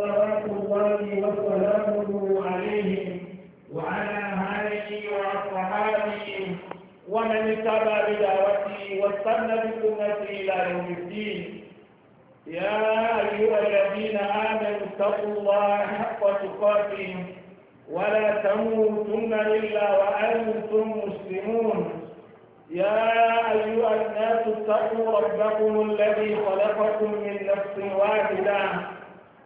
صلوات الله وسلامه عليهم وعلى آله وأصحابه ومن اتبع بدعوته واستنى بسنته إلى يوم الدين يا أيها الذين آمنوا اتقوا الله حق تقاته ولا تموتن إلا وأنتم مسلمون يا أيها الناس اتقوا ربكم الذي خلقكم من نفس واحدة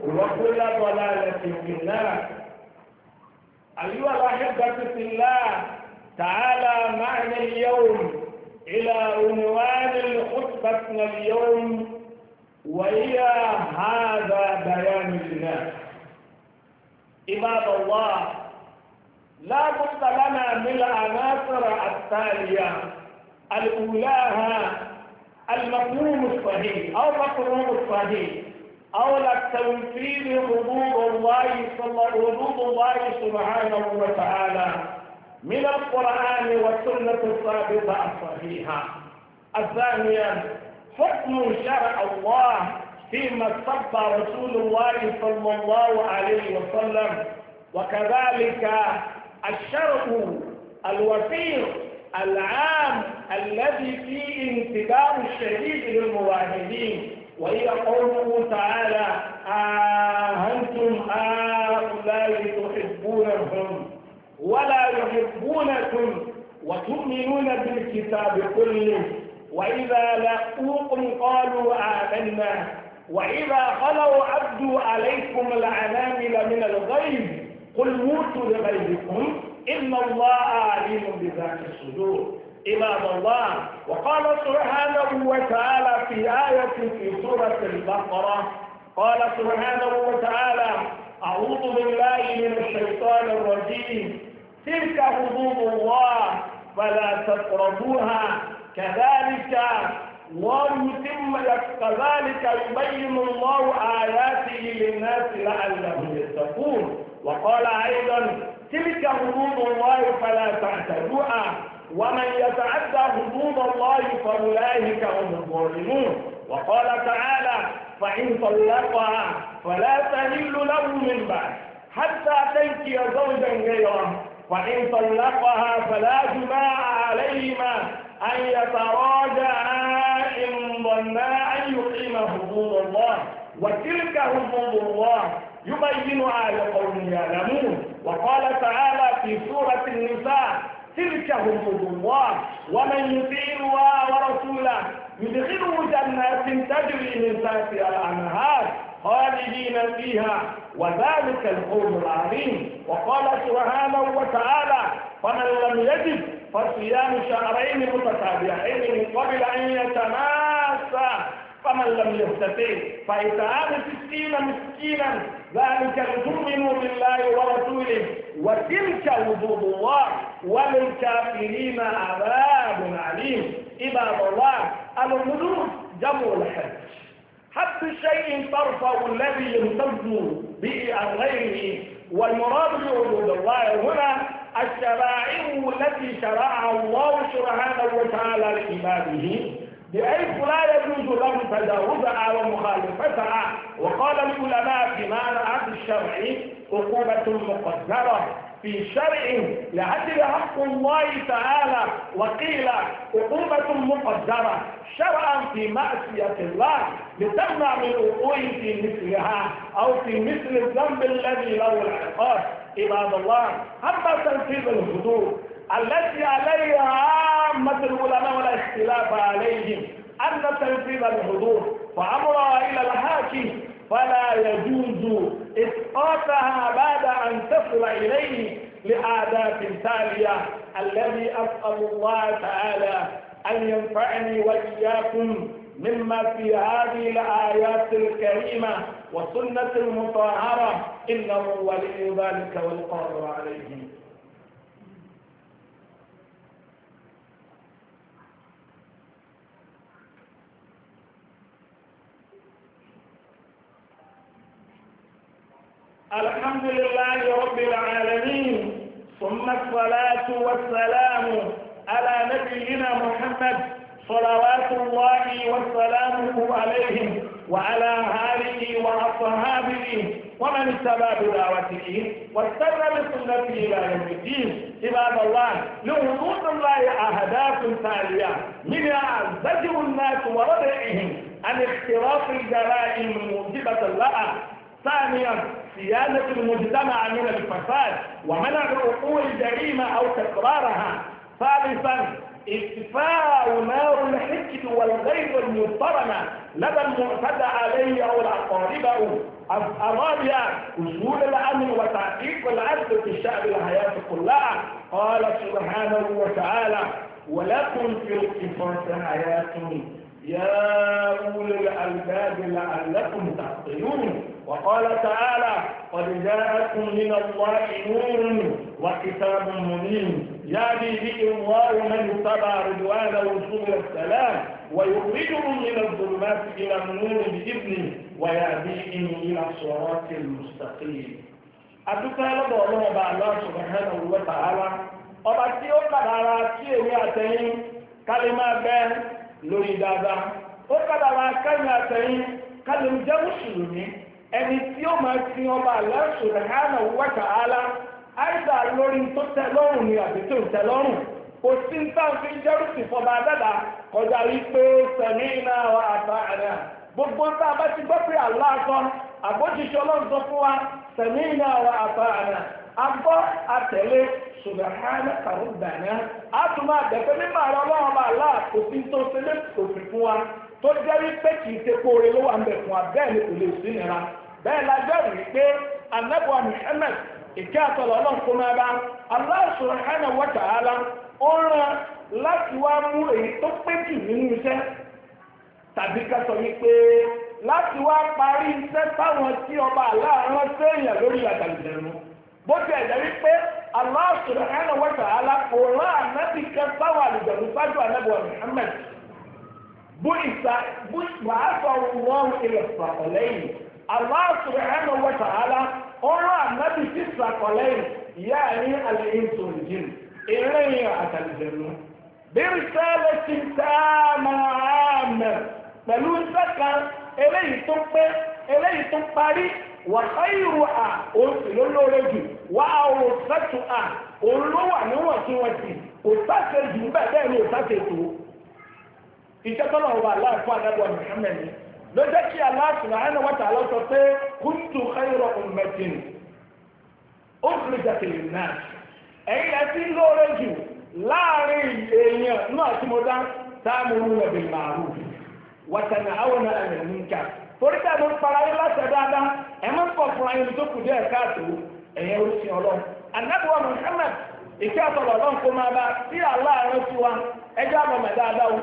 وكل ضلالة في النار أيها الأحبة في الله تعالى معنا اليوم إلى عنوان خطبتنا اليوم وهي هذا بيان الناس عباد الله لا بد لنا من العناصر التالية الأولاها المفهوم الصحيح أو مفهوم الصحيح أولى التنفيذ حدود الله حدود الله سبحانه وتعالى من القرآن والسنة الثابتة الصحيحة الثانية حكم شرع الله فيما استبقى رسول الله صلى الله عليه وسلم وكذلك الشرع الوثيق العام الذي فيه انتباه الشديد للمواهبين وهي قوله تعالى آهنتم هؤلاء تحبونهم ولا يحبونكم وتؤمنون بالكتاب كله وإذا لقوكم قالوا آمنا وإذا خلوا عبدوا عليكم العنامل من الغيب قل موتوا لغيركم إن الله عليم بذات الصدور إمام الله وقال سبحانه وتعالى في آية في سورة البقرة قال سبحانه وتعالى أعوذ بالله من الشيطان الرجيم تلك حدود الله فلا تقربوها كذلك ويتم كذلك يبين الله آياته للناس لعلهم يتقون وقال أيضا تلك حدود الله فلا تعتدوها ومن يتعدى حدود الله فأولئك هم الظالمون وقال تعالى فإن طلقها فلا تهل له من بعد حتى تنكي زوجا غيره فإن طلقها فلا جماع عليهما أن يتراجعا إن ظنا أن يقيم حدود الله وتلك حدود الله يبينها لقوم يعلمون وقال تعالى في سورة النساء تلك هم الله ومن يطيع الله ورسوله يدخله جنات تجري من تحتها الانهار خالدين فيها وذلك القول العظيم وقال سبحانه وتعالى فمن لم يجد فصيام شهرين متتابعين من قبل ان يتماسا فمن لم يستطيع فإطعام ستين مسكينا ذلك لتؤمنوا بالله ورسوله وتلك وجود الله وللكافرين عذاب عليم عباد الله الوجود جمع الحج حتى شيء ترفع الذي يمتد به عن غيره والمراد بوجود الله هنا الشرائع التي شرعها الله سبحانه وتعالى لعباده بحيث لا يجوز له تجاوزها ومخالفتها وقال العلماء في معنى العقد الشرعي عقوبة مقدرة في شرع لعدل حق الله تعالى وقيل عقوبة مقدرة شرعا في معصية الله لتمنع من وقوع في مثلها أو في مثل الذنب الذي له العقاب عباد الله أما تنفيذ الحدود التي عليها عامة العلماء ولا اختلاف عليهم أن تنفيذ الحضور فأمرها إلى الحاكم فلا يجوز إسقاطها بعد أن تصل إليه لآداب تالية الذي أسأل الله تعالى أن ينفعني وإياكم مما في هذه الآيات الكريمة والسنة المطهرة إنه ولي ذلك والقادر عليه الحمد لله رب العالمين ثم الصلاة والسلام على نبينا محمد صلوات الله وسلامه عليه وعلى آله وأصحابه ومن اتبع دعوته واستنى بسنته إلى يوم الدين عباد الله لوجود الله أهداف تالية من زجر الناس وردعهم عن اختراق الجرائم موجبة لها ثانيا سيادة المجتمع من الفساد ومنع وقوع الجريمة أو تكرارها ثالثا اكتفاء نار الحقد والغيظ المضطرمة لدى المعتدى عليه أو الأقاربة الرابعة وصول الأمن وتحقيق العدل في الشعب الحياة كلها قال سبحانه وتعالى ولكم في القصاص حياة يا أولي الألباب لعلكم تعقلون وقال تعالى قد جاءكم من الله نور وكتاب مبين يهدي به الله من اتبع رضوانه سبل السلام ويخرجهم من الظلمات إلى النور باذنه ويهديهم إلى الصراط المستقيم أتكلم lọ́dọ̀ ọlọ́run سبحانه وتعالى. subhanahu wa ta'ala ọba tí ó kàdára tí èmi àtẹ̀yìn kálí máa lórí dáadáa ó kàdára kẹ́yìn àtẹ̀yìn kálí jẹ́ mùsùlùmí ẹni tí ó máa fi ọba aláṣọ rẹ̀hánà wọ́ta ala àìsà lórí tó tẹ lọ́rùn ni àbí tó tẹ lọ́rùn kò sí ń tàn fi jẹ́rùsì fọba dada kọjá rí pé sẹ̀mí iná wa àtà àrẹ gbogbo ń tá a bá ti gbọ́ pé aláàtọ́ àbójúṣe ọlọ́run tó fún wa sẹ̀mí iná wa àtà agbọ́ àtẹ̀lé subahana karubana a tún máa dẹ̀pẹ́ mímọ́ àrọ́ ọlọ́run ọba aláà kò sí tó ṣe lé òfin fún wa tó jẹ́ wípé kì í ṣe kóore ló wà ń bẹ̀ fún wa bẹ́ẹ̀ ni kò lè sí nira bẹ́ẹ̀ la jẹ́rìí wípé anábọ̀ Muhammad ìkẹ́ àtọ̀lọ̀ ọlọ́nkúnmọ́ bá Allah subhanahu wa ta'ala ó rán láti wá mú èyí tó pé jù nínú iṣẹ́ tàbí ká sọ wípé láti wá parí iṣẹ́ táwọn tí ọba aláàrán séèyàn lórí àtàlùjẹ̀nu bó ti ẹ̀jẹ̀ wípé Allah subhanahu wa ta'ala kò rán ànábì kan táwọn àlùjẹ̀nu sájú anábọ̀ Muhammad bó ìsà bó ìsà wàásù ọ̀rùn ilẹ̀ pàtàlẹ́yìn Allah subhanahu wa ta'ala ọ̀rọ̀ ànábì sí ìsàkọ̀lẹ́yìn ìyá ní al-insu wal jinn ìrìn àtàlìjẹ̀nu. Bírí sẹ́lẹ̀ ti dáàmà àmà pẹ̀lú sẹ́ka eléyìí tó pé eléyìí tó parí wà sáyìrò à oṣù ló lóore jù wà àwòrán sẹ́tù à òun níwọ̀ntúnwọ̀ntì òṣàṣe bẹ́ẹ̀ bẹ́ẹ̀ ni òṣàṣe tó. Ìjẹ́tọ́lọ́wọ́ aláàfọ́ adágbọ́n Mùhàmmẹ́ni ló jẹ́ kí Allah na wa ta'ala sọ pé kuntu khayra ummatin ukhrijat lin-nas ẹ̀yìn ẹtí lóore jù láàrin èèyàn náà tí mo dá ta'muruna bil-ma'ruf wa tanhawna 'anil munkar torí pé ẹ̀mọ́ para yín láti ẹ̀dá dá ẹ̀mọ́ pọ̀ fún ayélujára tó kù díẹ̀ káàtó ẹ̀yẹn Muhammad ìṣe àtọ̀lọ̀ ọlọ́run kó máa bá sí àlọ́ tiwa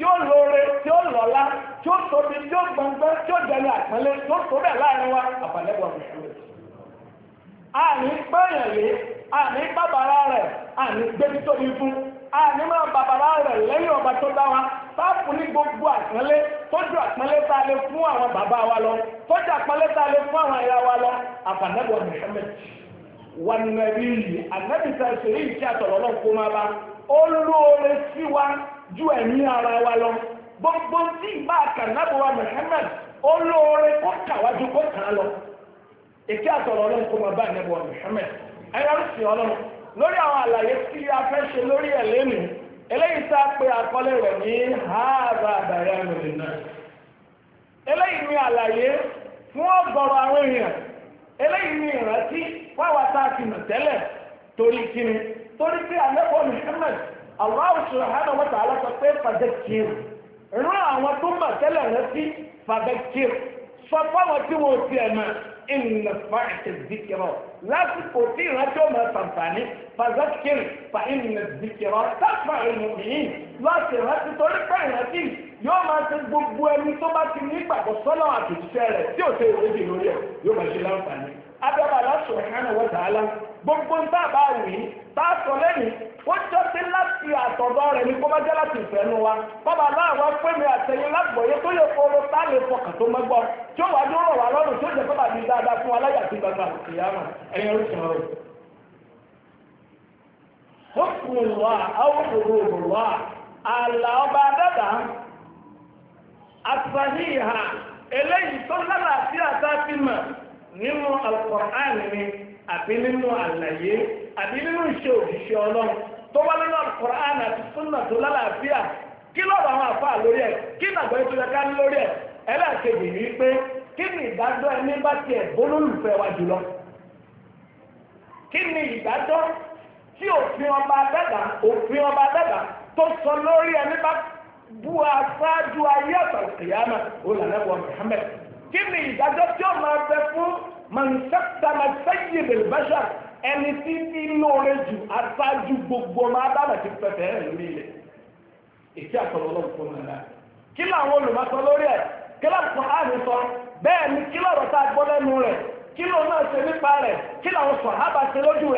tí ó lóore tí ó lọ́lá tí ó tóbi tí ó gbọ̀ngbọ́n tí ó dẹni àpẹẹlẹ tí ó tóbẹ̀ láàrin wa àbálẹ́gbọ̀ mùsùlùmí. àní gbẹ̀yàn lé àní bàbàrà rẹ̀ àní gbẹ́bí tóbi fún àní máa bàbàrà rẹ̀ lẹ́yìn ọba tó dá wa sáàpù ní gbogbo àpẹẹlẹ fún àwọn bàbá wa lọ tọ́jú àpẹẹlẹ tá a lè fún àwọn ìyá wa lọ àbálẹ́gbọ̀ mùsùlùmí. wọn ju ẹ̀mí ara wa lọ gbogbo tí ìgbà kànáàbọ̀wá Muhammad olóore kó kàwájú kó kàn án lọ èké àtọ̀rọ̀ ọlọ́run kó máa bá ànábọ̀wá Muhammad ẹ̀rọ ń sìn ọlọ́run lórí àwọn àlàyé tí a fẹ́ ṣe lórí ẹ̀ lónìí eléyìí tá a pè àkọlé rẹ̀ ní haaba àbàrà ìrìn náà eléyìí ní àlàyé fún ọ̀gọ̀rọ̀ àwọn èèyàn eléyìí ní ìrántí fáwọn tá a ti nà tẹ́lẹ̀ torí kíni torí pé àlẹ́kọ̀ọ́ Muhammad Allah subhanahu wa ta'ala sọ pé fàdẹ́kìr rán àwọn tó mà tẹ́lẹ̀ rẹ sí fàdẹ́kìr sọ fáwọn tí wọn ò tiẹ̀ mọ̀ ìnà fàìtì zikirọ̀ lásìkò tí ìrántí ọmọ sàǹfààní fàdẹ́kìr fà ìnà zikirọ̀ sáfà ìmùmíì láti ìrántí torí pé ìrántí yóò máa ṣe gbogbo ẹni tó bá ti ní ìgbàgbọ́ sọ́nà rẹ̀ tí ò ṣe ìrèjì lórí ẹ̀ yóò máa láti àtọ̀dọ̀ rẹ̀ ní kó má jẹ́ láti ìfẹ́nu wa bàbá náà wá pé mi àtẹ̀yìn lágbọ̀ọ́yé tó lè fọ́ ló tá lè fọkàn tó mẹ́gbọ́ tí ó wá dúró rọ̀ wá lọ́rùn tí ó jẹ́ bàbá mi dáadáa fún aláyà tí gbàgbà kìyàmà ẹ̀yẹ ń sọ̀rọ̀. ó fún wá àwọn òru wá àlà ọba dàdà àtàhíhà eléyìí tó lálàáfíà tá a fi mọ̀ nínú Al-Qur'an ni nínú àlàyé àbí nínú ìṣe òṣìṣẹ́ ọlọ́run tó wá nínú Al-Qur'an àti Sunnah tó lálàáfíà kí lọ́dọ̀ àwọn àfáà lórí ẹ̀ kí nàgbọ́ ètò yẹ ká ní lórí ẹ̀ ẹlẹ́ẹ̀kejì ní pé kí ni ìdájọ́ ẹni bá tiẹ̀ bólólùfẹ́ wa jùlọ kí ni ìdájọ́ tí òfin ọba dẹ́gbà òfin ọba dẹ́gbà tó sọ lórí ẹni bá bu aṣáájú ayé àtàkìyàmà olùdàlẹ́wọ̀ Muhammad kí ni ìdájọ́ tí ó máa bẹ fún mọ̀nsẹ́tàmẹ́sẹ́yìn ẹni tí tí lóore jù aṣáájú gbogbo ọmọ adámà ti pẹ̀tẹ̀ rẹ̀ lórí ilẹ̀ èsì àtọ̀lọ́lọ́ fún kí làwọn lórí ẹ̀ kí làwọn àmì bẹ́ẹ̀ ni kí lọ́rọ̀ tá a gbọ́ lẹ́nu rẹ̀ kí lòun náà ṣe nípa kí làwọn lójú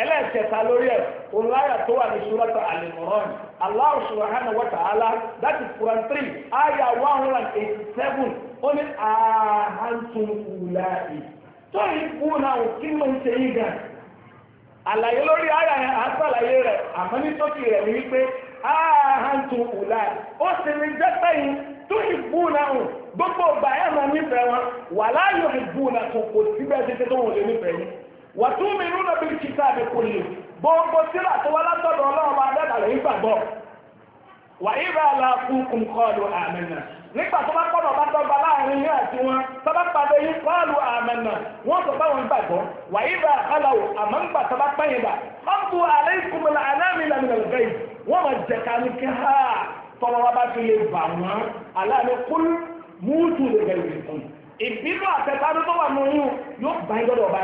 ẹlẹ́ẹ̀kẹta lórí ẹ̀ olùláyà tó wà ní surata Al-Imran Allah subhanahu wa ta'ala that is Quran three ayah one hundred and eighty seven ó ní àhántún wùláì tó yìí kú náà kí ló ń ṣe yí gan àlàyé lórí ayà yẹn àtàlàyé rẹ̀ àmọ́ ní tókì rẹ̀ ní wípé àhántún wùláì ó sì ní jẹ́pẹ́ yìí tó yìí kú náà gbogbo ọgbà ẹ̀ máa nífẹ̀ẹ́ wọn wà láàyò wàtúmí lúnà bí kìtà mi kò lè gbogbo sílà tó wá látọ̀dọ̀ ọlọ́run bá dẹ́gbàlẹ̀ ìgbàgbọ́ wà ìrà àlàkù kùnkọ́ọ̀lù àmẹ́nà nígbà tó bá kọ́nà bá dọ́gba láàrin yín àti wọn tọ́bá padà yín kọ́ọ̀lù àmẹ́nà wọ́n sọ báwọn gbàgbọ́ wà ìrà àkàlàwò àmọ́ ń gbà tọ́bá pẹ́yìn bá ọ̀bù alẹ́ ìkùnmọ̀lá aláàmì ìlànà ìgbẹ́ yìí tó wà nù yóò bá yín lọ́dọ̀ ọba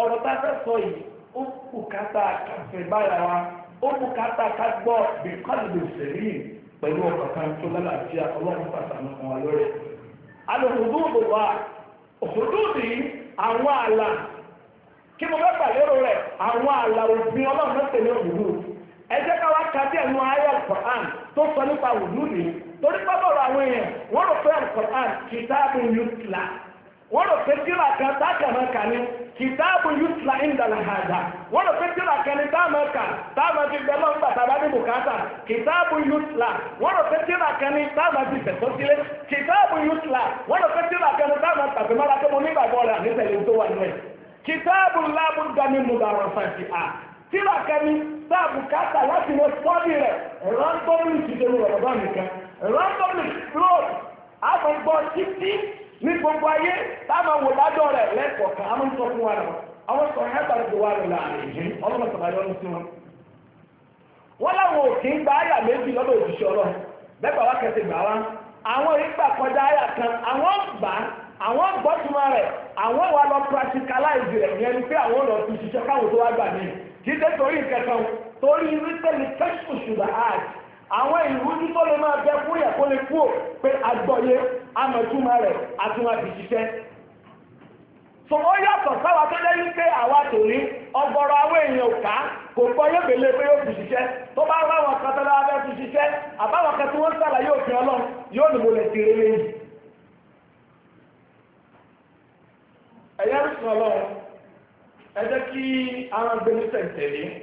ọ̀rọ̀ tá a fẹ́ sọ yìí ó kù kátà kàfẹ́ báyà wa ó kù kátà kágbọ́ bíkọ́lù sẹ̀rí pẹ̀lú ọkọ̀ kan tó lálàáfíà ọlọ́run pàtàkì wọn lórí. alòhùdú òbòwà òhùdú ni àwọn àlà kí mo fẹ́ pàlérò rẹ̀ àwọn àlà òfin ọlọ́run náà tẹ̀lé òhùdú ẹ jẹ́ ká wá kájí ẹ̀nu ayé Al-Qur'an tó sọ nípa òhùdú ni torí pápọ̀rọ̀ àwọn èèyàn wọ́n rò pé Al-Qur'an kìtàbù yutla wọ́n rò pé tíra kan tákàmọ́ kà ní kìtáàbù yusla indala hada wọ́n rò pé tíra kan ní táàmọ́ kà táàmọ́ fi bẹ́ẹ̀ lọ́n gbàtà bá ní bùkátà kìtáàbù yusla wọ́n rò pé tíra kan ní táàmọ́ fi fẹ̀tọ́ sílé kìtáàbù yusla wọ́n rò pé tíra kan ní táàmọ́ tàbí mọ́ra tó mọ́ nígbàgbọ́ rẹ̀ àníṣẹ́lẹ̀ tó wà nù ẹ̀ kìtáàbù kan ní táàbù kátà láti mọ ní gbogbo ayé táwọn wò dájọ́ rẹ̀ lẹ́kọ̀ọ̀kan àwọn sọ fún wa náà àwọn sọ hẹ́pà ti wà lọ láàrin ọlọ́run sàbàyọ́ ní sí wọn. wọ́n láwọn òkè ń gba àyà méjì lọ́dọ̀ òjíṣẹ́ ọlọ́run bẹ́ẹ̀ wá kẹsì gbà wá kan àwọn gbà àwọn ìrújú tó lè máa bẹ fún ìyà kó lè kúò pé agbọ́yé amẹ̀túmọ̀ rẹ̀ àtúnwà ti so ó yàtọ̀ sáwà tó lẹ́yìn wípé àwa tò ní ọgbọ̀rọ̀ àwọn èèyàn ká kò gbọ́ yóò pé yóò fi ṣiṣẹ́ tó bá wọn kan tọ́lá abẹ́ fi ṣiṣẹ́ àbáwọn kan tí wọ́n ọlọ́run yóò ti rere yìí ẹ̀yẹ́ ọlọ́run ẹ jẹ́ kí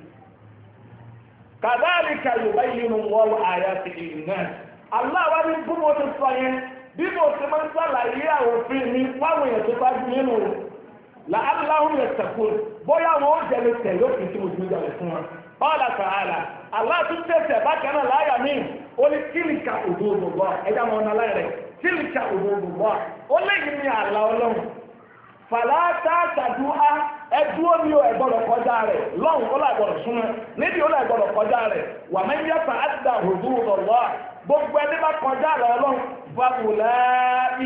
kàdáàlìkà yorùbá yìí nù wọ́ọ̀lù àyà ti ìlú náà aláwa ní bí mo ti sọ yẹn bí mo ti máa ń sàlàyé àwòfin mi fáwọn èèyàn tó bá di nínú làálàáhùn yẹn sẹ̀kù bóyá wọn ó jẹ̀lé tẹ̀lé òfin tí mo ti gbé fún wa báwọlá sàhálà aláàtúntẹ̀sẹ̀ bákan náà láyà mi ó ní kílìkà òdòdó bọ́ ẹ̀dá mọ́ ọ́nà láyà rẹ̀ kílìkà òdòdó bọ́ ó léyìn ní àlà ọlọ́run fàlàtà tàdúhà ẹtú omi ò ẹgbọ́dọ̀ kọjá rẹ̀ lọ́hùn ó làgbọ́dọ̀ súnmọ́ níbi ó làgbọ́dọ̀ kọjá rẹ̀ wà máa ń yẹ fà ádà òdú lọ́wọ́ gbogbo ẹni bá kọjá rẹ̀ ọlọ́run fàbùlà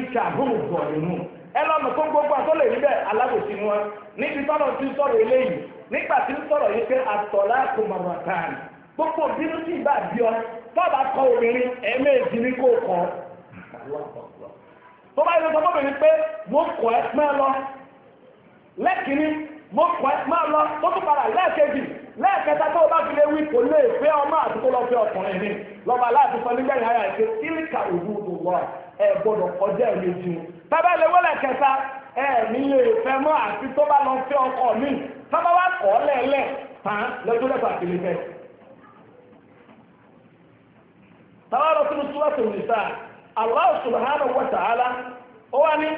ìkà hóhùn bọ̀ nínú ẹ lọ́nà tó gbogbo àtọ́lẹ̀ níbẹ̀ alágòsí ni wọn níbi tọ́lọ̀ ti sọ̀rọ̀ eléyìí nígbà tí ń sọ̀rọ̀ yìí pé àtọ̀lá kò mọ̀mọ̀ tán gbogbo bínú sí ìbá bí ọ tọ́ba kọ obìnrin ẹ̀ẹ́mẹ́ẹ̀dì ní kò kọ́ tó bá yẹ kọ́ bọ́bìnrin pé mo kọ́ ẹ pẹ́ lọ leekini máa lọ tó tún padà lẹ́ẹ̀kejì lẹ́ẹ̀kẹta tó bá fi lé wí kò lè fẹ́ ọmọ àti lọ fẹ́ ọkùnrin ni lọ́ba láti sọ nígbẹ̀yìn ara ìṣe tíríkà òwú gbogbo ẹ̀ gbọ́dọ̀ kọjá ẹ̀ méjì bàbá ilé wọlé ẹ̀ ní lè fẹ́ mọ́ àti tó ọkọ mi bàbá wa kọ́ lẹ́ẹ̀lẹ́ tán lọ́jọ́ lẹ́fà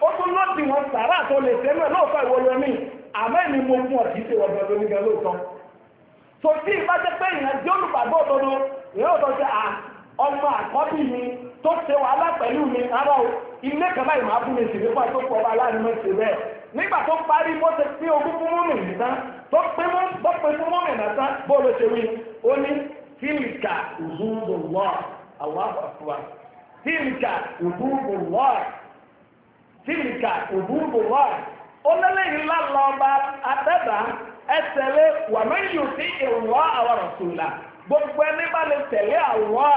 ó tún lọ́dì wọn sàárà tó lè fẹ́ mẹ́ lóòótọ́ ìwọlọ mi àmọ́ ẹ̀mí mo fún ọ̀tí ṣe wọ́n gbọ́dọ̀ nígbà lóòótọ́ tó tí ìbá jẹ́ pé ìyẹn jẹ́ olùpàgbọ́ òdodo ìyẹn ò tọ́ sí à ọmọ àkọ́bí mi tó ṣe wàhálà pẹ̀lú mi ara o ilé kan báyìí máa bú mi sì nípa tó pọ̀ aláàánú mi sì bẹ́ẹ̀ nígbà tó parí bó ṣe pín ogún fún mọ́mì nìkan tó pé fún mọ́mì nìkan bó ló ṣe wí ó ní tíìlìkà òbúrúbù wọ́ọ̀ àwọn àfọ̀fọ̀ tíìlìkà òbúrúbù wọ́ọ̀ tìlìkà òbúrúbù wà ó lẹ́lẹ́yìn lálọ́ ọba adẹ́dà ẹsẹ̀lé wà mẹ́yìn òsì ìwọ́ àwọn ọ̀túnlá gbogbo ẹni bá lè tẹ̀lé àwọ̀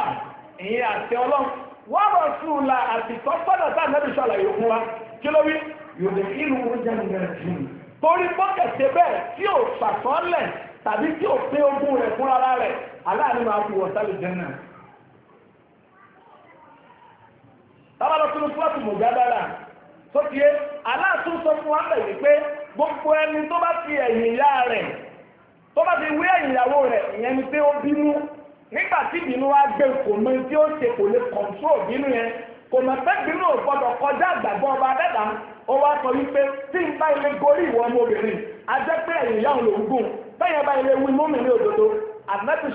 ìyẹn àti ọlọ́run wọ́n rọ̀ súnlá àti tọ́gbọ́dọ̀ tá ànábì ṣàlàyé fún wa kí ló wí yòdè ìlú oúnjẹ nìyẹn jù torí bọ́kẹ̀tẹ̀ bẹ́ẹ̀ tí ò pàtọ́lẹ̀ tàbí tí ò pé ogún rẹ̀ fúnra rẹ̀ aláàánú máa fi wọ̀sá lè jẹ́ náà. tábàlọ́sọ̀rọ̀ tó fi é aláàtún sọ fún wa bẹ̀rẹ̀ pé gbogbo ẹni tó bá fi ẹ̀yìn ìyá rẹ̀ tó bá fi wé ẹ̀yìn ìyàwó rẹ̀ ìyẹn ni pé ó bínú nígbà tí ìbínú wa gbé kò mọ tí ó ṣe kò lè kọ̀ǹtró bínú yẹn kò mọ̀ pé bínú ò gbọdọ̀ kọjá àgbàgbọ́ ọba dẹ́ta ó wá sọ wípé tí n bá ilé gorí ìwọ ọmọbìnrin a jẹ́ pé ẹ̀yìn ìyá òun lòún gùn bẹ́ẹ̀ yẹn bá ilé wí mọ́mìnrin òdodo àtẹ́tù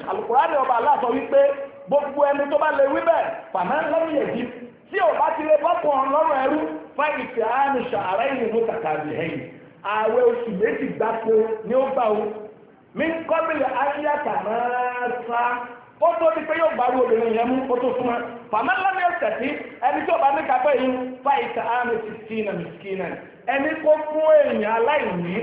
gbogbo ẹni tó bá lè wí bẹ́ẹ̀ fàmẹ́ lọ́rùn yẹn tí ò bá ti lè bọ́kùn lọ́rùn ẹrú fáìlìtì àánú ṣàárẹ̀ yìí ló kàkà bì hẹ́yìn ààwẹ̀ oṣù méjì gbáko ni ó gbà ó mi ń kọ́ foto ayíyàtà náà sá ó tó di pé yóò gbárù obìnrin yẹn mú ó tó súnmọ́ fàmẹ́ lọ́rùn yẹn tẹ̀sí ẹni tí ò bá ní kápẹ́ yìí fáìlìtì àánú sí nà mí sí ẹni kó fún èèyàn aláìní ni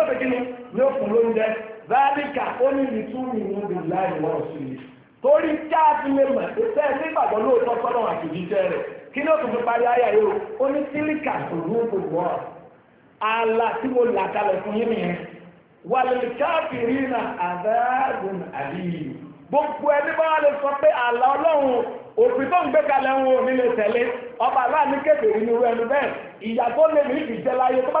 ó ti kí ni ni ó fún lóúnjẹ záàdìkà ó ní wọ́n sí i torí jáàbí mẹ́mà ìfẹ́ ní ìbàdàn lóòótọ́ sọ́nà àtòjíṣẹ́ rẹ̀ kí ló tún fi parí ayà yóò ó ní sílíkà òrùngbòwọ́ ala tí mo là kalẹ̀ fún yín nìyẹn wà na àdáàgùn gbogbo ẹni bá lè sọ pé ààlà ọlọ́run òfin tó ń gbé kalẹ̀ ń wo tẹ̀lé ọba kékeré ní bẹ́ẹ̀ tó lé mi jẹ́ láyé tó bá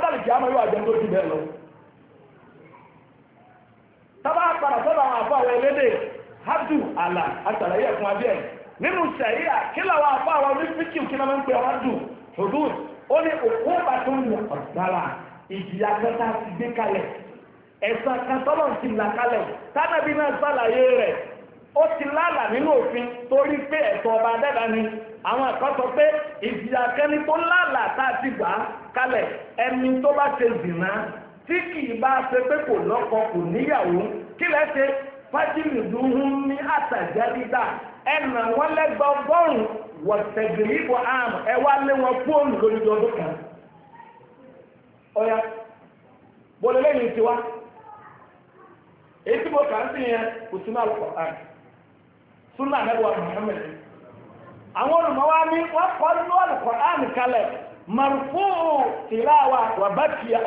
dàbí hadu àlà àtàlàyé ẹ̀kún abẹ́ ẹ̀ nínú sẹ̀ríà kí làwọn afọ àwọn onífíkì kí làwọn ń pè hadu hudud ó ní òkú bàtún ní ọ̀gbára ìjìyà de tá a ti gbé kalẹ̀ ẹ̀sán kan tọ́lọ̀ ti là kalẹ̀ tánàbí náà sàlàyé rẹ̀ ó ti lálà nínú òfin torí pé ẹ̀tọ́ ọba dẹ́dà ni àwọn ẹ̀kọ́ sọ pé ìjìyà kẹni tó lálà tá a ti gbà kalẹ̀ ẹni tó bá ṣe zìnà tí kì í bá ṣe pé kò lọ́kọ kò níyàwó kí lẹ́ fájìlì dùnún ní àtàjálídà ẹnà wọn lẹgbẹ ọgọ́rùn wọtẹgìrì ìbò àmì ẹ wá lé wọn fóònù lórí ọdún kan ọyà bọlẹ lẹ́yìn tiwa èyí tí mo kà ń sìn yẹn kò sí máa lọkọ àn súnà àmẹwàá àwọn ní kalẹ̀ marufu tìláwa wà bá tìyà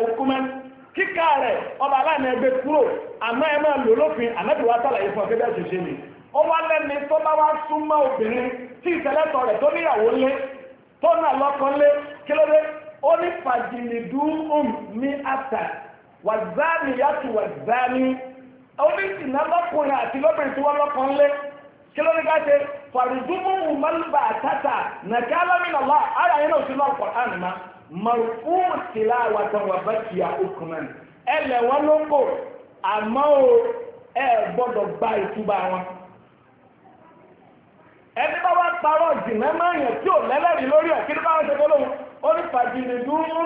kíkà rẹ̀ ọba aláàmì ẹgbẹ́ kúrò àmọ́ ẹ máa lò lófin ànábìwá sàlàyé fún ọ̀gẹ́dẹ́ ṣẹṣẹ ni ó wá lẹ́ni tó bá wá súnmọ́ obìnrin tí ìtẹ́lẹ́tọ̀ rẹ̀ tó níyàwó lé tó nà lọ́kọ lé kí ló dé ó ní fàjìnnìdú um ní àtà wàzáàmì yàtù wàzáàmì ó ní ìsìnà lọ́kùnrin àti lóbìnrin tí wọ́n lọ́kọ lé kí ló ní ká ṣe fàrùdúmù mọ́lùbà àtàtà nàkálọ́mìnà marfu tilawatan wa bakiya hukman ele wọn ló ń bọ̀ o ẹ gbọ́dọ̀ gba ìtúbà wọn ẹni bá wá parọ́ jìnnà máa yàn tí ò lẹ́lẹ́rìí lórí ẹ̀ kí ló bá wọn ṣe gbólóhùn ó ní fàjìnnì dúró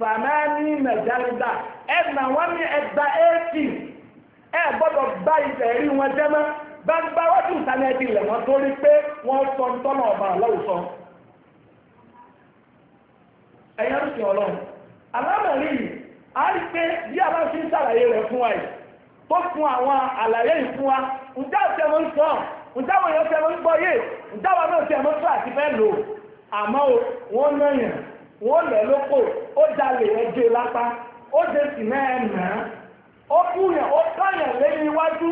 sàmání nàìjíríà ẹ nà wọn ní ẹgbà éèkì ẹ gbọ́dọ̀ gba ìfẹ́ rí wọn jẹ́ mọ́ gbangba wọ́n tún sani ẹ̀ ti lẹ̀ wọ́n torí pé wọ́n sọ ń tọ́nà ọ̀bà lọ́wọ́ ẹ̀yà ń ọlọ́run a rí pé bí a bá fi ń sàlàyé rẹ̀ fún wa tó fún àwọn àlàyé yìí fún wa ǹjẹ́ àtẹ̀mọ́ ń sọ ǹjẹ́ àwọn èèyàn tẹ̀mọ́ ń gbọ́ yé ǹjẹ́ àwọn náà tẹ̀mọ́ tó àti fẹ́ lò àmọ́ wọ́n náyàn wọ́n lẹ̀ lóko ó jalè ẹjọ́ lápá ó dé sì náà ẹ̀ nà á ó kúyàn lẹ́yìn iwájú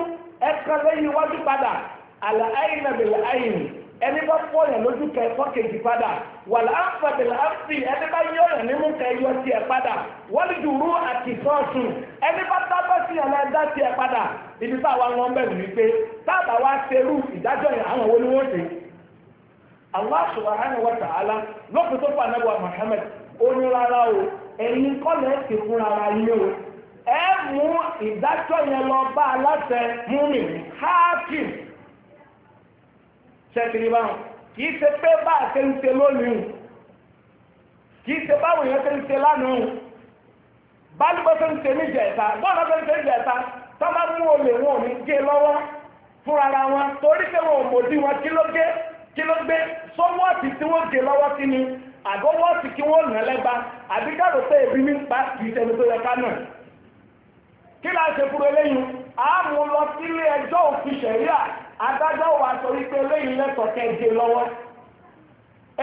ẹ̀kan lẹ́yìn iwájú padà àlà ẹ̀yìn ẹ̀yìn ẹni wala àfàbìlà àfi ẹni bá yọ ọ̀yàn ní mú yọ padà wọ́n àti sọ́ọ̀sù ẹni bá sí ibi tá táàbà ìdájọ́ yẹn àwọn ni wọ́n ṣe. Allah subhanahu wa ta'ala lópin tó fàánà wa Muhammad onírara o kọ́lẹ̀ ti fún o ẹ mú ìdájọ́ yẹn lọ bá aláṣẹ múmi kìí ṣe pé bá àṣẹ ń ṣe lónìí ṣe báwo yẹn ṣe ń ṣe lánàá bálùbọ́ ṣe ń ṣe ní jẹ̀ta bọ́ọ̀lù ṣe ń ṣe ní jẹ̀ta mú olè wọn ò ní gé e lọ́wọ́ fúnra ara wọn torí pé wọn ò mòdì wọn kí ló gé kí ló gbé sọ́wọ́ọ̀tì tí ebi mi pa kìí ṣe tó yẹ ká nà kí láti ṣe fúru eléyìí adájọ́ wa sọ wípé eléyìí lẹ́tọ̀ọ́ kẹ́ gé lọ́wọ́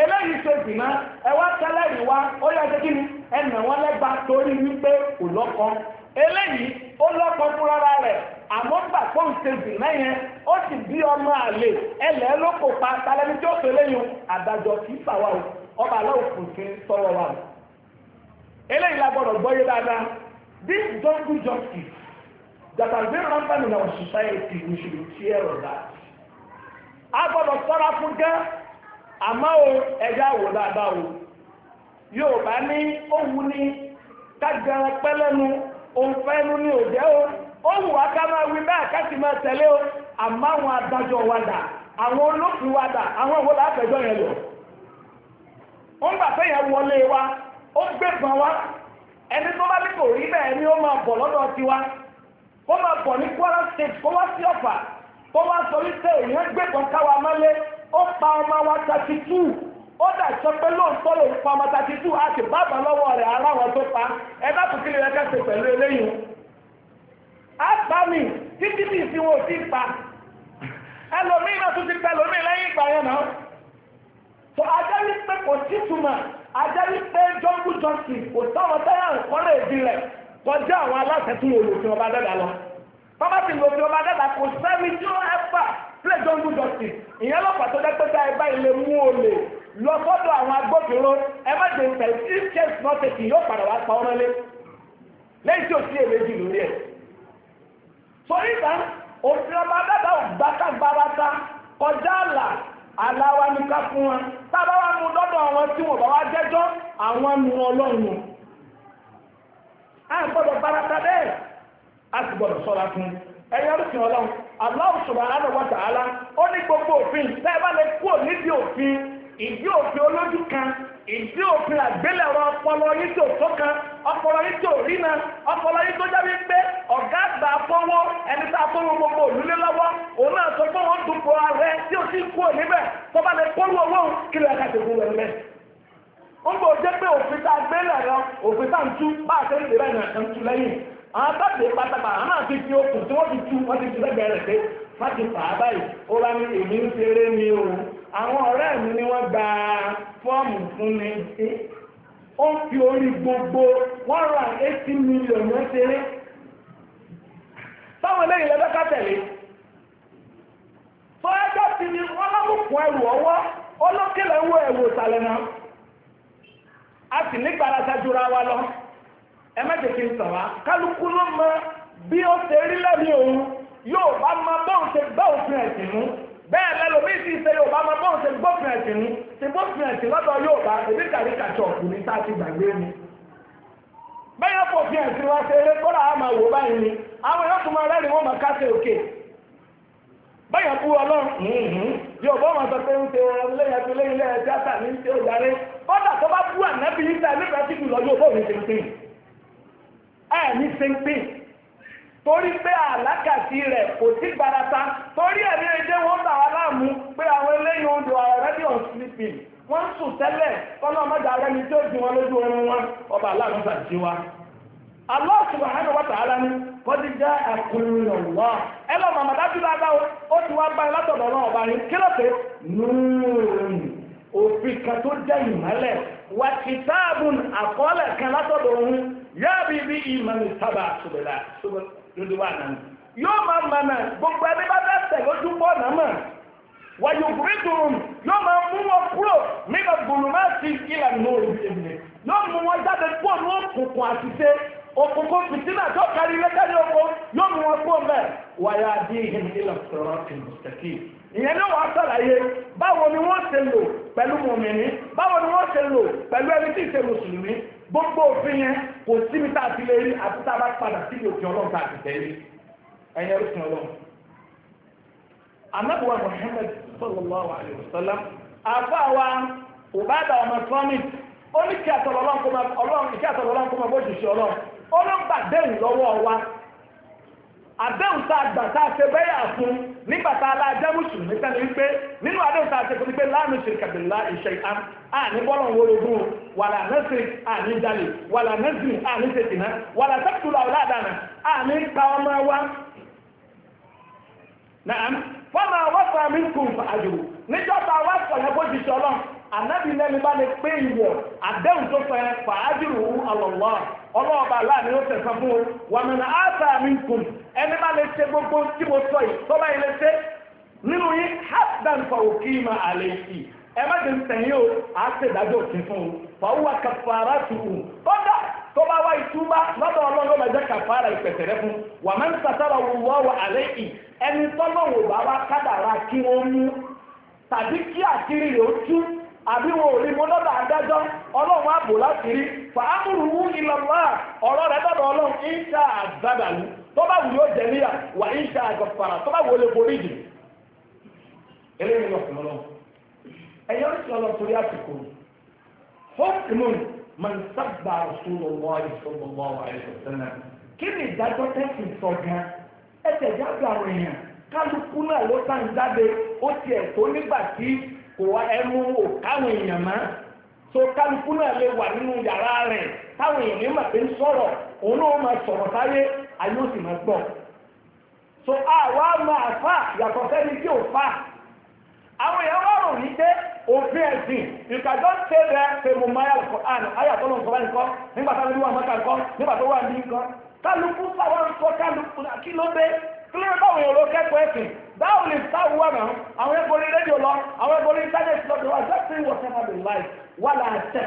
eléyìí ṣe dìmọ́ ẹ wá tẹ́lẹ̀rì wa ó yẹ kí ni ẹnà wọn lẹ́gba torí wípé kò lọ́kọ eléyìí ó lọ́kọ fún rárá rẹ̀ àmọ́ gbà tó ń ṣe dìmọ́ yẹn ó sì bí ọmọ àlè ẹlẹ́ ọba aláwọ̀ kò wa o eléyìí dáadáa this don't do justice. that has been rampant in our society, we should be clear on that. A gbọ́dọ̀ fún àmọ́ o ẹ̀yà wò dáadáa o. ní òun ní kájẹrẹ pẹ́ òun fẹ́ inú ní òjẹ́ o. Òun wá ká máa wí bẹ́ẹ̀ máa tẹ̀lé o. wa dà, àwọn wa dà, àwọn òwò yẹn lọ. Ó ń wa, kó máa bọ̀ ní Kwara State kó wá sí Ọ̀fà kó wá sọ wípé èèyàn gbẹ̀gbọ̀n káwa mọ́lé ó pa ọmọ wa thirty two ó dà sọ pé pa ọmọ thirty two àti bàbá lọ́wọ́ rẹ̀ aláwọ̀ tó pa ẹ bá kò ṣe pẹ̀lú eléyìí. á bá mi títí tí ò sí pa ẹlòmíín náà tún ti lẹ́yìn ìgbà yẹn náà. tó ajá wípé kò kọjá àwọn aláṣẹ tí mo lò fún ọba dẹ́dà lọ bàbá ti lò fún ọba dẹ́dà kò sẹ́ni tí ó ẹ̀fà play don do justice ìyẹn lọ́pàá tó dẹ́pẹ́ tá ẹ bá ilé mú olè lọ sọ́dọ̀ àwọn agbófinró ẹ má dé pẹ̀ if case not taken yóò padà wá pa ọ́rọ́ lé lẹ́yìn tí o sí èméjì lórí ẹ̀ so ìgbà òfin ọba dẹ́dà ò gbàkàgbára ta kọjá àlà àlà wa ní ká fún wa tá a bá wà mú lọ́dọ̀ àwọn tí wọ́n bá wá jẹ́jọ́ àwọn nù ọlọ́run a gbọ́dọ̀ barata bẹ́ẹ̀ a sì gbọ́dọ̀ sọ́ra fún ẹ̀yìn ọdún ọlọ́run Allah subhanahu wa ta'ala ó ní gbogbo òfin tẹ́ lè kú nídìí òfin ìdí òfin olójú kan ìdí òfin ọpọlọ yìí tó tó kan ọpọlọ yìí tó rí na ọpọlọ yìí tó jáde pé ọ̀gá àgbà fọwọ́ ẹni tá a fọwọ́ gbogbo òlúlé òun náà sọ pé ó gbọ́ pé òfin tá a gbé lẹ́rọ òfin tá a ń tú bá a ṣe ń lè bẹ́ẹ̀ náà ń tú lẹ́yìn fi okùn tí wọ́n ti tú wọ́n ti tú lẹ́gbẹ̀ẹ́ rẹ̀ pé wọ́n ti fà á báyìí ó bá ní èmi ni o àwọn ọ̀rẹ́ mi ni wọ́n gba fọ́ọ̀mù fún mi ó fi orí gbogbo wọ́n ra eighty million wọ́n ṣeré táwọn eléyìí ká tẹ̀lé ti ẹrù ọwọ́ a sì nígbàrá ṣájúra wa lọ ẹ mẹ́jẹ̀ kí sàn wá kálukú ló mọ bí ó ṣe rí lẹ́mí òun yóò bá ma bóun ṣe gbọ́ òfin ẹ̀sìn mú bẹ́ẹ̀ lẹ́nu bí ti ṣe yóò bá ma bóun ṣe gbófin ẹ̀sìn mú ṣe gbófin ẹ̀sìn lọ́dọ̀ yóò bá ebi kàrí kàtsọ̀ ti gbàgbé bẹ́ẹ̀ fi ẹ̀sìn wa ṣe eré a máa wò báyìí ni àwọn máa rẹ́rìn máa òkè bẹ́ẹ̀ kọ́dà tó bá bú ànábì yíta nípa títù lọ yóò bóòrùn ṣèǹpìn ẹ̀ẹ̀ni ṣèǹpìn torí pé àlákàtí rẹ̀ kò sí gbarata torí ẹ̀rí ẹjẹ́ wọn bà wá láàmú pé àwọn eléyìí odò wọ́n ń sùn tẹ́lẹ̀ kọ́nà ọmọdé ara ẹni di wọn lójú wọn ọba bá ni kọ́dí já àmàdájú ó ti wá báyìí látọ̀dọ̀ náà ọba yìí kí òfin kan tó jẹ́ ìmọ́lẹ̀ wà kìtàbùn àkọọ́lẹ̀ kan látọ̀dọ̀ ohun yóò bí bí ìmọ̀lẹ̀ sábà ṣùgbẹ̀lá lójúwà náà yóò máa mọ̀nà gbogbo ẹni bá tẹ̀sẹ̀ lójú pọ̀ náà mọ̀ wàyò gúrídùn yóò máa mú wọn kúrò nígbà gbòòrùmá sí ìlà nóòrù ìbìlẹ̀ yóò mú wọn jáde pọ̀ ní òkùnkùn àtìsẹ́ òkùnkùn fìtínà tó kárí lẹ́kẹ́ ní oko yóò mú wọn kúrò mẹ́ wàyà àdéhìn ìyẹn náà wàá sàlàyé báwo ni wọ́n ṣe lò pẹ̀lú mùmìnì báwo ni wọ́n ṣe lò pẹ̀lú ẹni tí ì ṣe mùsùlùmí gbogbo òfin yẹn kò síbi tá a ti lè rí àti tá bá padà síbi òfin ọlọ́run tá tẹ̀lé ẹ̀yẹ òfin ọlọ́run. anábùwà Muhammad sallallahu alayhi wa sallam àfa wa Ubada ọmọ sọmi ó ní kí àtọ̀rọ̀ ọlọ́run kó máa bó ṣiṣẹ́ ọlọ́run ó ló ń gbàdéhùn lọ́wọ́ wa àdéhùn tá a gbà tá a ṣe bẹ́yà fún nígbà tá a la jẹ́ mùsùlùmí sẹ́ni wípé nínú àdéhùn tá a ṣe fún wípé láàánú ṣe kàbìlá ìṣe ìtàn àní bọ́lọ̀ wọlógún wàlà nẹ́sìn àní jalè wàlà nẹ́sìn àní ṣètìná wàlà sẹ́kùtùlà ọ̀làdànà àní ka wa. nàám fọmọ wọ́pọ̀ mi kùn fún àjò níjọ́ tá yẹn bó ti sọ ọlọ́ọ̀bà láàrin ó tẹ̀sán fún o wà mẹ́rin áàtà mi kùn ẹni bá lè ṣe gbogbo tí mo sọ yìí tọ́lá ilé ṣe nínú yín hasdan fàwọ̀kì ma àlè yìí ẹ má ti ń tẹ̀yìn o á ṣe ìdájọ́ òfin fún o fàwọ́ kàfàrà tù ú kọ́dà tó bá wá ìtúbá lọ́dọ̀ ọlọ́run ló kàfàrà ìpẹ̀sẹ̀ fún wà mẹ́rin sàtàrà wọ́wọ́ àlè yìí ẹni tọ́lọ́wọ̀ bá wá kádàrá kí wọ́n mú tàbí kí àkírí rẹ̀ ó àbí wọn ò rí mo lọ́dọ̀ adájọ́ ọlọ́run àbò láti rí fàámùrù wú ìlọ́lá ọ̀rọ̀ rẹ̀ dọ̀dọ̀ ọlọ́run ìṣà àgbàdàlú tó bá wù yóò jẹ níyà wà ìṣà àgbàfàrà tó bá wù ó lè borí jù eléyìí lọ fún ọlọ́run ẹ̀yọ́ ń sọ̀rọ̀ torí àsìkò hókùnmù man sábà sọ̀rọ̀ wọ́n ìṣòro wọ́n wà ẹ̀ṣọ̀ sẹ́nà kí ni ìdájọ́ tẹ́sí sọ gan ẹ̀ṣẹ̀ jáde àwọn èèyàn kálukú náà kò wá ẹnu wò káwọn èèyàn má tó kálukú náà lè wà nínú yàrá rẹ̀ táwọn èèyàn ní màpé ń sọ̀rọ̀ òun náà máa sọ̀rọ̀ sáyé ayé ó so àwa máa fà yàtọ̀ sẹ́ni tí ò fà àwọn èèyàn wá rò ní pé òfin ẹ̀sìn ìkàjọ́ ṣe rẹ̀ pé mo máa yà lọ́kọ̀ àná ayàtọ̀ lọ́nkọ̀ bá nìkan nígbà tó wà nígbà tó wà ní nǹkan kálukú kálukú kí ló dé báwọn That will inspire women. And we're going to radio lọ, and we're going to internet lọ, they were just saying whatever they like. Wàlá àtẹ.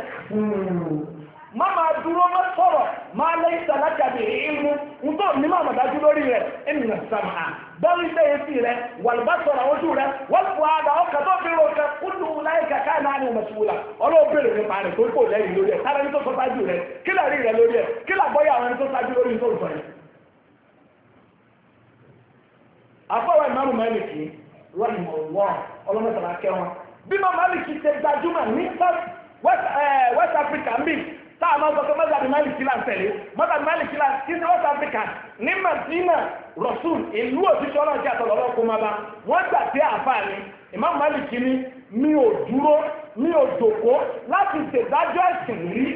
Má máa dúró má sọ̀rọ̀ máa lẹ́yìn sàlájà bí ìlú. N tó ní màmá dájú lórí rẹ̀, ènìyàn sàmà. Bẹ́ẹ̀ni ṣe é sí rẹ̀, sọ̀rọ̀ ojú wọ́n ọkà tó láyé kàkà náà bèrè nípa rẹ̀ tó àfọwọ́ ìmáàmù maliki rọ́ọ̀nì ọ̀wọ́ ọlọ́mọ̀tàlá kẹwọn bí mọ́ maliki ṣe gbajúmọ̀ ní eh, West Africa ń bì táà máa sọ pé mọ́tàbí Málìkì là ń tẹ̀lé mọ́tàbí Málìkì là kí ní West Africa ní Madina Rasul ìlú òṣìṣẹ́ ọlọ́ọ̀jẹ́ àtọ̀lọ́rọ́ kó máa bá wọ́n gbà sí àǹfààní ìmáàmù Málìkì ní mi ò dúró mi ò jòkó láti ṣèdájọ́ ẹ̀sìn rí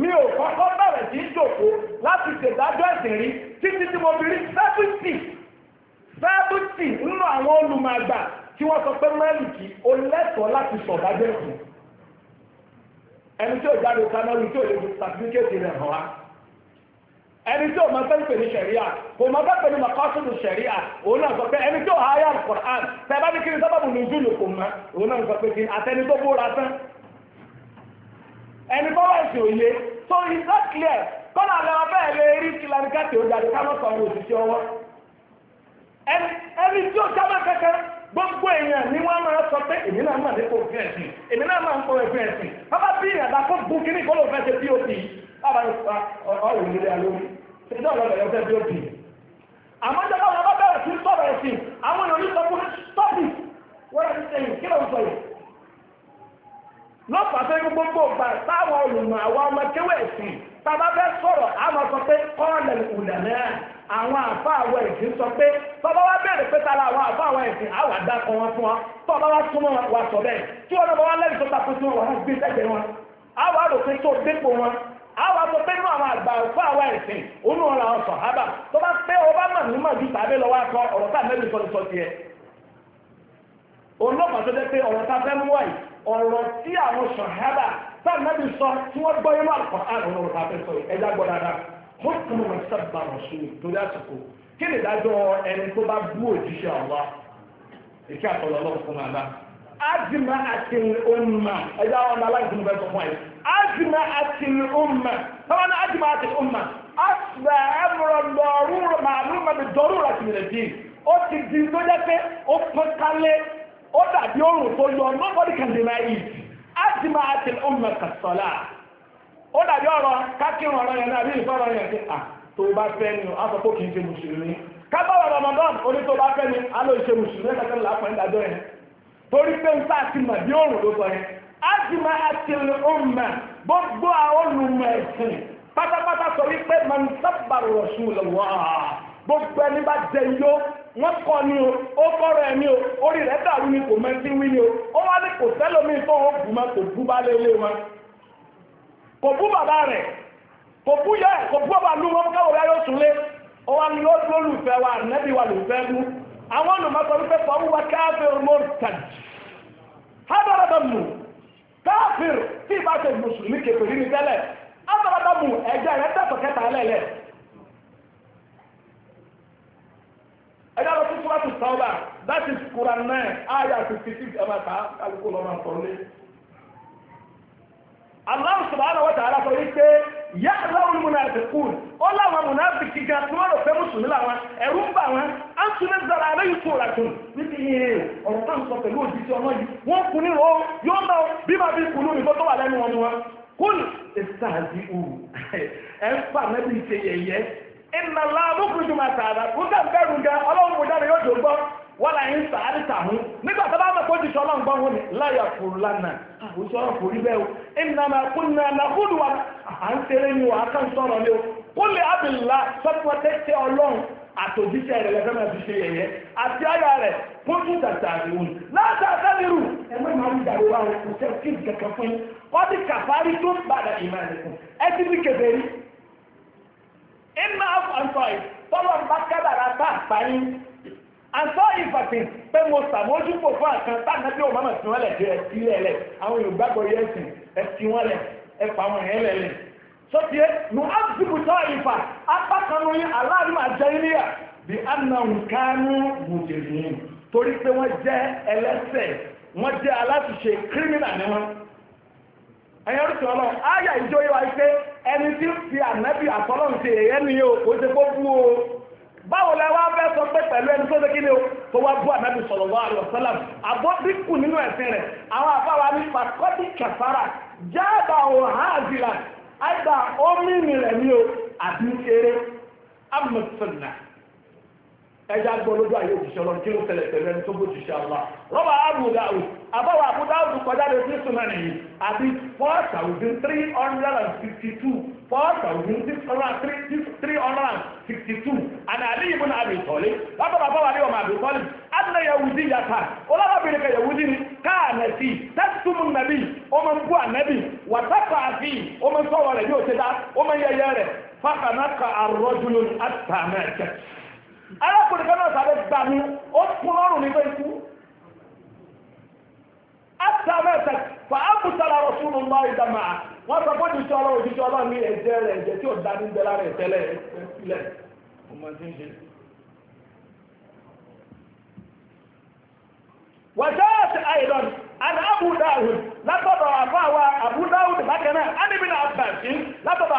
mi ò kọ́kọ́ bẹ̀rẹ̀ sí jòkó láti ṣèdájọ́ ẹ̀sìn rí títí tí mo fi rí sẹ́fìtì sáàbùtì nínú àwọn olùmọ̀gbà tí wọ́n sọ pé mẹ́lìkì ó lẹ́tọ̀ọ́ láti sọ̀dájẹ́ kù ẹni tí ó jáde kanáwó tí ó lè fi sàtífíkẹ́tì rẹ̀ hàn wá ẹni tí ó máa fẹ́ pè ní ṣẹ̀ríà kò máa fẹ́ pè ní makọ́sùdù ṣẹ̀ríà òun náà sọ pé ẹni tí ó ha ayà Al-Qur'an tẹ́bá ní kí ni sábàbù ní júlù kò mọ́ òun náà sọ pé kí àtẹni tó bóra tán ẹni tó wà sí òye so it's not clear kọ́nà àlọ́ abẹ́ẹ̀lẹ́ rí kìlánìkàtì ó jáde ká ẹni tí ó jábá kankan gbogbo èèyàn ni wọ́n máa sọ pé èmi náà máa nípa òfin ẹ̀sìn èmi náà máa ń kọ́ ẹ̀fin ẹ̀sìn bàbá bí ìyàdá kó bu kíní kó ló fẹ́ ṣe pop bàbá ní pa ọ̀rọ̀ ìlú alóhùn ṣe pop àmọ́ jẹ́ báwọn bẹ̀rẹ̀ sí sọ̀rọ̀ ẹ̀sìn àwọn èèyàn ní sọ fún wọ́n kí ló ń sọ yìí lọ́pàá fẹ́ gbogbo àwọn àfa àwọn ẹ̀sìn sọ pé tọ́ba wá bẹ̀rẹ̀ pé tara àwọn àfa àwọn ẹ̀sìn àwọn àdàkọ wọn fún wọn tọ́ba wá súnmọ́ wọn wà sọ bẹ́ẹ̀ tí wọn bá wá lẹ́yìn tó takò sí wọn wà á gbé sẹ́gbẹ̀ẹ́ wọn àwọn àròpé tó dépò wọn àwọn àtọ́ pé nínú àwọn àgbà fún àwọn ẹ̀sìn òun ọ̀la ọ̀sọ̀ ábà tó bá pé ọba mà ní mà ju tàbí lọ wá kọ ọ̀rọ̀ tá mẹ́rin sọ sọ tiẹ̀ olóòpà tó jẹ́ pé ọ̀rọ̀ tá fẹ́ mú wáyé ọ̀rọ̀ tí àwọn sọ̀hábà tá mẹ́rin sọ tí wọ́n gbọ́ inú àpò àrùn ọ̀rọ̀ tá fẹ́ sọ ẹja gbọ́ dáadáa hókùnrin wọn sábà rọ̀ṣù torí àsìkò kí ni ìdájọ́ ẹni tó bá bú òjíṣẹ́ àwa èké àtọ̀lọ́ lọ́wọ́ fún àná. azima atin umma ẹja ọ̀nà aláìsàn bẹ́ẹ̀ sọ́kọ́ yìí azima atin umma báwọn ní azima atin umma asibẹ ẹmọrọ lọrùn màálùú màmí dọrùn rà tìmìlẹ̀ dì ó ti di tó jẹ́ pé ó pín kálé ó dàbí òrùn tó yọ nobody can deny it azima atin umma kasọ́lá. ó dàbí ọ̀rọ̀ kákírùn ọ̀rọ̀ yẹn àbí ọrụ yẹn pé à tó bá fẹ́ a sọ pé kì ṣe mùsùlùmí kábọ̀rọ̀ Ramadan orí tó bá fẹ́ ni a lọ mùsùlùmí ẹ̀kẹ́kẹ́ lápẹ́ ìdájọ́ yẹn torí pé ń mà bí òrùn ló sọ yẹn ti ma ọmọ gbogbo àwọn olùmọ̀ ẹ̀sìn pátápátá sọ wípé kò bú bàbá rẹ̀ kò bú yẹ kò bú ọba lú wọn káwọ̀ rẹ̀ yóò súnlé ó wá ní lóòtú olùfẹ́ wa nẹ́bí wa lùfẹ́ mú àwọn olùmọ̀sọ wípé fọwọ́ wa káfíìr mọ́tàn hábàràbàmù káfíìr tí ìbá ṣe mùsùlùmí kèfèrí ní tẹ́lẹ̀ hábàràbàmù ẹ̀jẹ̀ rẹ̀ tẹ̀sọ̀ kẹta lẹ́lẹ̀ ẹ̀dá lọ sí súwátù sáwọ́bà that is Quran 9 ayah 56 ẹ̀mẹ́ta kálukú lọ́mọ àtọ́lé Allah subhanahu wa ta'ala sọ wípé yá láwọn munafikun ó láwọn munafiki ga tí wọ́n rò fẹ́ mùsùlùmí láwọn ẹ̀rù ń bà wọn á ń tún ní dára alẹ́ yìí tó rà tún níbi iye ọ̀rọ̀ tá ń sọ pẹ̀lú òjijì ọmọ yìí wọ́n kún nínú ó yóò náà bí bá bí kùnú nìkan tó wà lẹ́nu wọn wọn kún ìsáàdì òru ẹ̀ ń fà mẹ́bí ìṣe yẹ̀yẹ́ ìnàlá wọ́n là ń sà á ní tàhún nígbà tó bá mọ̀ pé ojúṣe ọlọ́run gbọ́n wọn ni láyà fòrò lánàá ojúṣe ọlọ́run kò rí bẹ́ẹ̀ o ìnàmà kúnnà nàkúdù wa à ń tẹ́lẹ̀ ní wàá kàn sọ̀rọ̀ ni o kúnlẹ̀ abìlá sọ́kùnrin tẹ́tẹ́ ọlọ́run àtòjíṣẹ́ rẹ̀ lẹ́fẹ́ máa fi ṣe yẹ̀yẹ́ àti ayà rẹ̀ fójú tàtàrí òun láti àtàlérù ẹgbẹ́ máa ń dàrú àwọn òṣèlú kí nǹkan fún ọdí kàfárí tó ń padà ìmọ̀ ẹ̀kùn ẹtí ní kẹfẹ́rí ẹ̀ma àfọ̀ǹfọ̀ ìfọwọ́ bá kádàrá tá àpáyín asọ ìfàtí pé mo sàmójúpò fún àkàn táàkà tí o máa fi wọ́n lẹ̀ jẹ́ ilé ẹ̀lẹ̀ àwọn olùgbàgbọ́ yẹ́ ẹ̀sìn ẹ̀sìn wọ́n lẹ̀ ẹ̀pà àwọn èèyàn lẹ̀ lẹ̀ sọ́tí ẹ́ nu ábùsùkùtọ́ ìfà apákanú yín aláàrùn àjẹríyà bí anàǹkánú mùjèlín torí pé wọ́n jẹ́ ẹlẹ́sẹ̀ wọ́n jẹ́ aláṣìṣe kírímìnà ni wọ́n ẹ̀yẹ́ rúṣì ọlọ́run áyà ìjọ yóò wáyé pé ẹni tí ń fi ànábì kó bú o báwo la wá bẹ́ sọ pé pẹ̀lú ẹni tó ṣe kí ni o tó wá bú ànábì sallallahu alaihi wasallam àbọ̀dínkù nínú ẹ̀sìn rẹ̀ àwọn àbáwa ní pàkọ́dì kàfàrà jáàbà òun hàzìlà àgbà omi rẹ̀ ni o àti eré amọ̀sọ̀nà ẹja gbọ́ lójú ayé òjíṣẹ́ ọlọ́run kí ló tẹ̀lẹ̀ tẹ̀lẹ̀ ní tó bó jíṣẹ́ ọlá rọ́bà abúdáwù àbáwọ̀ abúdáwù kọjá lè fi súnmọ́ nìyí àbí four thousand three hundred and sixty two four thousand six hundred three hundred and sixty two àná àlẹ́ yìí múná àbí ìtọ́lé lọ́tọ̀ bàbá wa ní ọmọ àbí ìtọ́lé àdínà yahudi yàtà ọlọ́mọbìnrin kan yahudi ni káànẹ́tì tẹ́tùmù nàbí ọmọ nkú ànẹ́bì wàtàkà àfi ọmọ sọ̀rọ̀ rẹ̀ yóò ṣe dá ọmọ yẹyẹ rẹ̀ fàkànàkà àrọ́jùlọ àtàmẹ́kẹ́ arákùnrin kan náà sáré gbà mí ó kún lọ́rùn nígbà ikú àtàmẹ́sẹ̀ fà ábùtàlà rọ̀ṣúnù lọ ìdàmà wọ́n sọ fún ìjọ ọlọ́run ìjọ ọlọ́run ní ẹ̀jẹ̀ rẹ̀ ẹ̀jẹ̀ tí ó dání ń bẹ lára ẹ̀ tẹ́lẹ̀ ẹ̀ وجاءت أيضا عن أبو داود لقد رواه أبو داود هكذا عن ابن عباس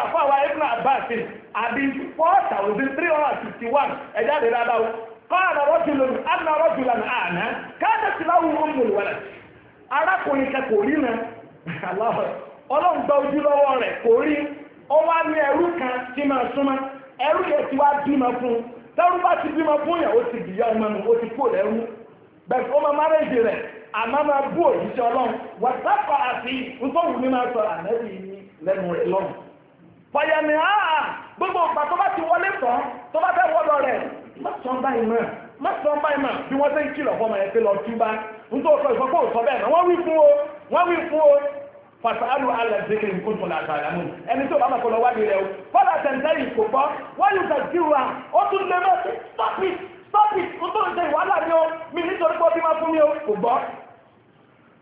àwọn àfáwà ibn abbas àbí 4351 ẹ̀já lè rárá o kọ́ọ̀nà rọ́jùlọ́nù àná rọ́jùlọ́nù àná káàdà sí láwùú ọmọlù wẹ̀lẹ̀ arákùnrin kan kò rí na ọlọ́run gba ojú lọ́wọ́ rẹ̀ kò rí ó wá ní ẹrú kan tí máa súnmọ́ ẹrú yẹn ti wá bímọ fún un tẹ́rú bá ti bímọ fún yẹn ó ti bìyà ọmọ nù ó ti kó lẹ́rú bẹ́ẹ̀ ó máa márẹ́jì rẹ̀ àmọ́ máa bú òjíṣẹ́ ọlọ́run wàtápà àti nítorí mi máa sọ ànẹ́bí lẹ́nu rẹ̀ lọ́run fàyàmì àà gbogbo ìgbà tó bá ti wọlé tán tó bá fẹ́ wọ́lọ rẹ̀ mọ́sàn báyìí mọ́ mọ́sàn báyìí mọ́ bí wọ́n ṣe ń kìlọ̀ fọmọ yẹn pé lọ túbá nítorí ọ̀sọ̀ ìfọ́pọ̀ òsọ bẹ́ẹ̀ náà wọ́n wí fún o wọ́n wí fún o fàtàlù alẹ́ zikiri nǹkan tó làtà ẹni tó bá máa kọlọ wádìí rẹ o fọlá tẹ̀ntẹ́rì kò gbọ́ wọ́n yóò tẹ̀sí ó tún lè mọ́ sí stop it stop it kó tó ń ṣe ìwádà ni o mi nítorí pé bí máa fún mi o kò gbọ́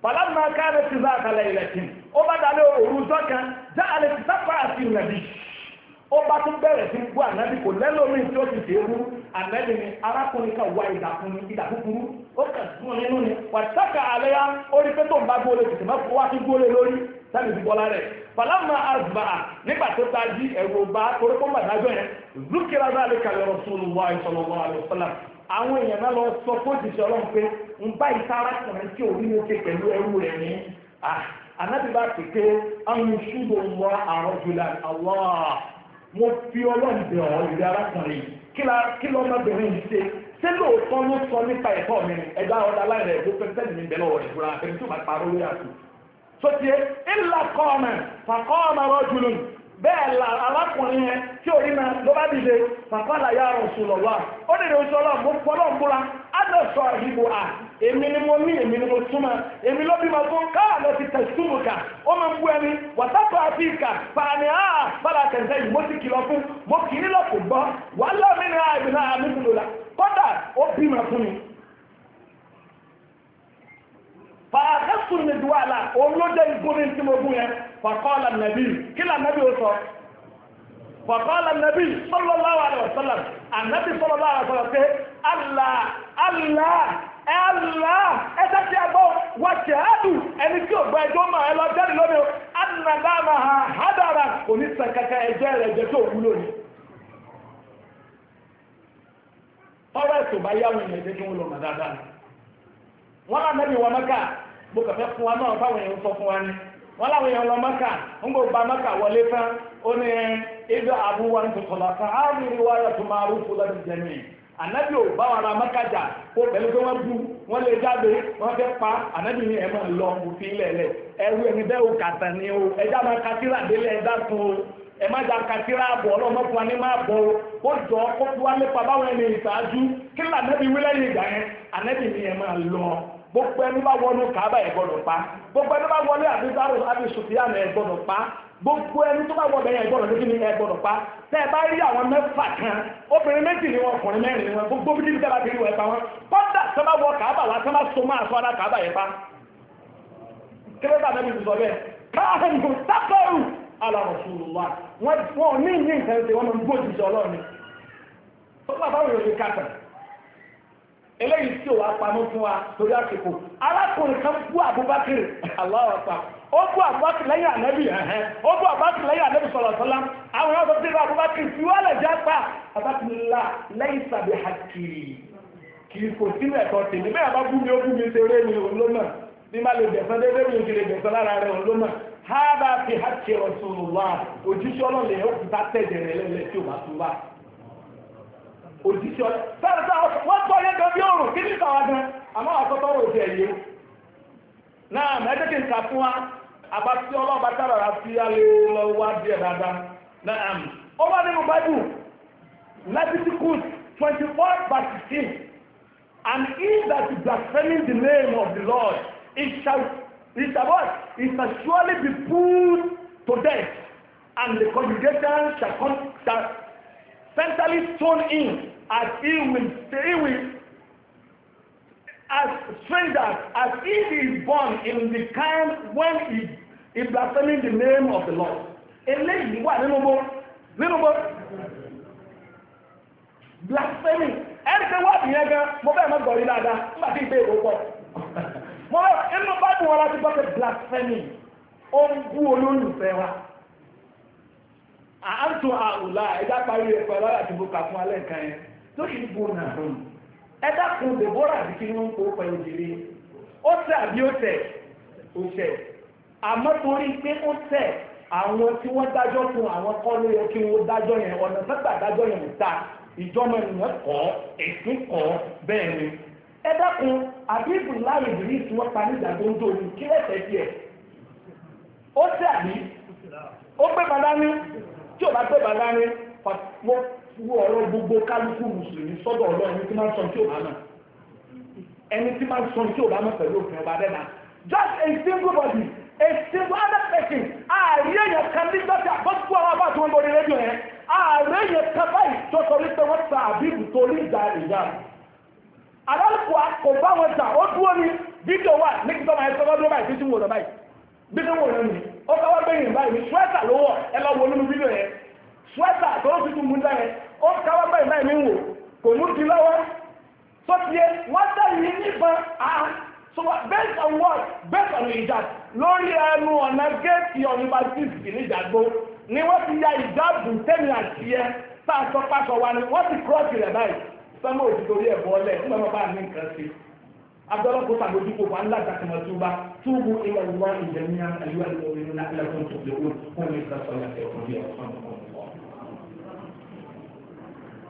fala kana ti za ka lailatin ó bá dalẹ̀ òru sọ́kan já alẹ́ bẹ̀rẹ̀ sí gbọ́ ànábì kò lẹ́lómi tí ó ti dé rú ànábì ni arákùnrin kan wá ìdàkùnrin ìdàkùkùrú ó kà sún nínú ni wà sáka alẹ́ yá ó rí pé ń bá tètè má sí lórí sábì ti bọ́lá rẹ̀ nígbà tó ta jí bá torí kó àwọn èèyàn náà lọ sọ fóòtìsì ọlọ́run pé ń bá ìtara kùnrin tí òbí ló ké pẹ̀lú ẹrú rẹ̀ ní ànábì bá pè pé àwọn ìṣúgbò ń wọ àrùn jùlọ àwọn mo fi ọlọ́run bẹ̀ ọ́ ìrí arákùnrin kí lọ́mọbìnrin yìí ṣe ṣé lóòótọ́ ló sọ nípa ẹ̀kọ́ mi ẹ̀dá ọ̀dà láìrẹ̀ ẹ̀dó pẹ́ntẹ́lì mi bẹ̀rẹ̀ ọ̀rẹ́ ìfura àfẹ́ni tó máa parọ́ lórí àtúntò. sọ ti ẹ́ ńlá kọ́ ọmọ fàkọ́ ọmọ rọ́jùlùm bẹ́ẹ̀ la alákùnrin yẹn tí orí náà ló bá dìde bàbá àlàyé àrùn sùlọ̀wà ó dìde òṣèlú mo fọ́lọ́ múra adọ́sọ ìbò à èmi ni mo ní èmi ni mo túmọ̀ èmi ló fún ti tẹ̀sùmù ká ó máa ń bú ẹni wàtápọ̀ àti ìkà àà yìí mo kìlọ̀ fún mo kì í lọ kò gbọ́ ni àìbìnrin àmì kùlò la kódà ó ma fún fàákẹ́sùn ní duwala òun ló dé ìgbóni tí mo gún yẹn fàkọ́ọ̀lá nàbí kí là nàbí ó sọ fàkọ́ọ̀lá nàbí sallallahu alaihi wasallam ànàbí sallallahu alaihi wasallam pé Allah Allah Allah ẹ̀dá tí a gbọ́ wà jihadu ẹni tí ò gbọ́ ẹjọ́ máa ẹ lọ jáde lónìí o anàdáàmà ha hádàrà òní sàkàkà ẹ̀jẹ̀ rẹ̀ ẹ̀jẹ̀ tó wúlò ní. ọ̀rọ̀ ẹ̀sùn bá yáwọn èèyàn ẹ̀jẹ̀ kí wọ́n lọ dáadáa wọ́n lá nẹ́bí maka mẹ́kà mo kẹfẹ́ fún wa náà báwọn èèyàn sọ fún wa ni wọ́n láwọn èèyàn lọ mẹ́kà ń gbọ́ gba mẹ́kà wọlé tán ó ní la kan áàrùn tó máa wọn ra mẹ́kà jà kó pẹ̀lú pé wọ́n bu wọ́n lè jáde wọ́n fẹ́ pa ànábì ní ẹ̀mọ́ lọ òfin ni o o jà jọ kó báwọn ẹni kí wílẹ̀ yìí gbà yẹn gbogbo ẹni bá wọnú Kaaba ẹ gbọ́dọ̀ pa gbogbo ẹni bá wọlé abizaru abisufiyan ẹ gbọ́dọ̀ pa gbogbo ẹni tó bá wọbẹ yẹn ẹ gbọ́dọ̀ lójú ni ẹ gbọ́dọ̀ pa tẹ ẹ bá rí àwọn mẹ́fà kan obìnrin méjì ni wọn ọkùnrin mẹ́rin ni wọn gbogbo bí níbi tẹ́lá ti rí wọn pa wọn kọ́ńtà tó bá wọ Kaaba wa tó bá so máa sọ ara Kaaba yẹn pa kírẹ́tà mẹ́bi sọ bẹ́ẹ̀ káàmù sákọ̀rù alàrọ̀sùlùwà wọn ní ìyí nǹkan eléyìí tí ò wá pamọ́ fún wa torí àsìkò arákùnrin kan bú Abubakar aláwọ̀ pa ó bú Abubakar lẹ́yìn anabi ó bú Abubakar lẹ́yìn anabi sọ̀rọ̀ àwọn ọ̀sán tí ó Abubakar fi wá lẹ̀ já pa Abubakar la lẹ́yìn hakiri kì í kò sínú ẹ̀kọ́ tèmi bẹ́ẹ̀ bá bú ó bú mi ṣeré òun ló bí má lè ti lè lára òun ló fi hakiri òjíṣẹ́ ọ̀lẹ́ sáré sáré wọ́n tọ́ yẹ́ gan bí òrùn kí ní ìtàwà gan àmọ́ àkọ́kọ́ rò jẹ́ yìí náà mẹ́jẹ́ kí n kà fún wa àbá tí ọlọ́ọ̀bá tára rà sí alẹ́ lọ wá díẹ̀ dáadáa náà um, ó wá nínú báìbù Leviticus twenty verse sixteen and he that is blaspheming the name of the Lord it shall it shall what it shall surely be put to death and the congregation shall come shall centrally thrown in as he will he will as strangers as if he is born in the time when he he blaspheming the name of the Lord eléyìí wà nínú bó nínú bó Blaspheming. ẹni pé wọ́ọ̀dù yẹn gan mo bẹ́ẹ̀ mọ́ gbọ̀rí dáadáa nígbà tí ìgbé ìwò pọ̀ mo bẹ́ẹ̀ inú bá dùn wọn láti gbọ́ pé blaspheming. ó ń bú olólùfẹ́ wa àántò àwùlá ẹ̀dá parí ẹ̀kọ́ ẹ̀lára ti bókà fún alẹ́ nǹkan ẹ̀ tó kì í bú náà rùn ẹ̀dá kun Deborah àti kí ní ń kó pẹ̀lú jìrì ó tẹ̀ àbí ó tẹ̀ ó tẹ̀ àmọ́ torí pé ó tẹ̀ àwọn tí wọ́n dájọ́ fún àwọn kọ́ ló yẹ kí wọ́n dájọ́ yẹn ọ̀nà sẹ́gbà dájọ́ yẹn ò ta ìjọba ènìyàn kọ́ èsì kọ́ bẹ́ẹ̀ ni ẹ̀dá kun àbí ìbùláyè ìbìrì tí wọ́n pa nígbà tó ń dòwú kí ẹ̀sẹ̀ tiẹ̀ ó tẹ̀ àbí ó pé padà ní tí ò bá gbé bàbá rẹ wọ́n wú ọ̀rọ̀ gbogbo kálukú mùsùlùmí sọ́dọ̀ ọlọ́run tí máa ń sọ tí ò bá mọ̀ ẹni tí máa ń sọ tí ò bá mọ̀ pẹ̀lú òfin ọba bẹ́ẹ̀ náà just a single body a single other person ààrẹ èèyàn kan ní dọ́tí àkọ́sùkú àwọn abá tí wọ́n borí rédíò yẹn ààrẹ èèyàn kan báyìí tó sọ wípé wọ́n ta àbíbù torí ìjà ìjà àdálùkù kò bá wọn jà ó dúró ní fídíò wà ní kí tọ́mọ ẹ̀ sọ́kọ́ dúró báyìí títí wò lọ báyìí ó káwọ́ bẹ́yìn báyìí ní ṣwẹ́tà ló wọ̀ ẹ lọ wo nínú fídíò yẹn ṣwẹ́tà tó ń tuntun mú dá yẹn ó káwọ́ bẹ́yìn báyìí ní wò kò mú ti lọ́wọ́ tó ti yẹ wọ́n tẹ̀yìn nípa a so based on what based on ìjà lórí ẹnu ọ̀nà géètì ọ̀nìbá tíìsì níjàgbó ni wọ́n ti ya ìjáàbù tẹ́mi àti ẹ tá a sọ pásọ wa ni wọ́n ti kúrọ́ọ̀tì rẹ̀ báyìí sọ́mọ́ òtítọ́ orí ẹ̀ bọ́ọ̀lẹ̀ nígbà wọn bá ní nǹkan sí i agbọ́dọ̀ kó sàbójúkò wà ládàkùnmọ̀ tí ó bá túbú ilẹ̀ ìwọ́n ìjẹ̀míyàn ẹ̀yọ́ ìwọ̀n ìlú